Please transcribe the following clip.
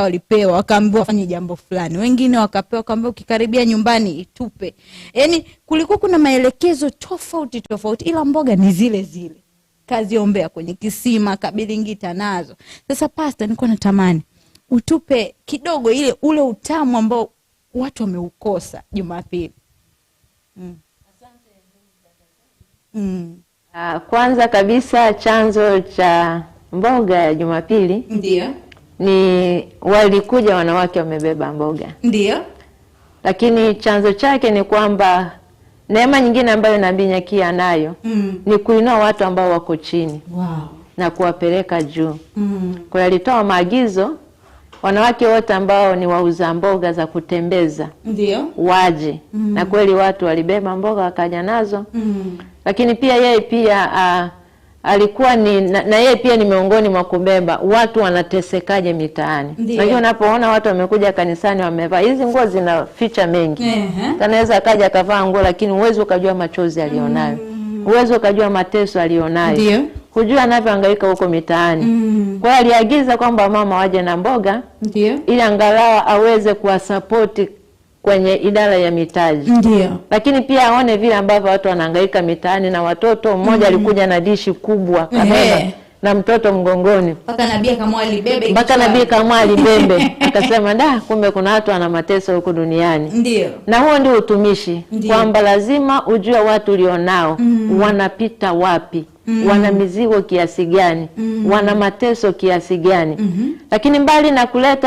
walipewa wakaambiwa wafanye jambo fulani, wengine wakapewa kwamba ukikaribia nyumbani itupe. Yani kulikuwa kuna maelekezo tofauti tofauti, ila mboga ni zile zile, kaziombea kwenye kisima, kabilingita nazo. Sasa pasta, na tamani utupe kidogo ile ule utamu ambao watu wameukosa Jumapili. mm. mm. Ah, kwanza kabisa chanzo cha mboga ya Jumapili ndio ni walikuja wanawake wamebeba mboga, ndio, lakini chanzo chake ni kwamba neema nyingine ambayo Nabii Nyakia nayo mm. ni kuinua watu ambao wako chini wow. na kuwapeleka juu mm. kwa hiyo alitoa maagizo wanawake wote ambao ni wauza mboga za kutembeza ndio waje mm. na kweli watu walibeba mboga wakaja nazo mm. lakini pia yeye pia uh, alikuwa ni na, na yeye pia ni miongoni mwa kubeba watu wanatesekaje mitaani. Unajua, unapoona watu wamekuja kanisani wamevaa hizi nguo zinaficha mengi, anaweza akaja akavaa nguo, lakini huwezi ukajua machozi aliyonayo, mm. huwezi ukajua mateso aliyonayo, hujua anavyohangaika huko mitaani mm. Kwa hiyo aliagiza kwamba mama waje na mboga, ili angalau aweze kuwasapoti kwenye idara ya mitaji Ndiyo. lakini pia aone vile ambavyo watu wanahangaika mitaani na watoto. Mmoja mm-hmm. alikuja mm -hmm. na dishi kubwa kabeba na mtoto mgongoni mpaka nabii kamwa alibebe, akasema, da, kumbe kuna watu wana mateso huku duniani. Ndio, na huo ndio utumishi, kwamba lazima ujue watu ulionao mm wanapita wapi Mm Wana mizigo kiasi gani? mm Wana mateso kiasi gani? mm -hmm. Lakini mbali na kuleta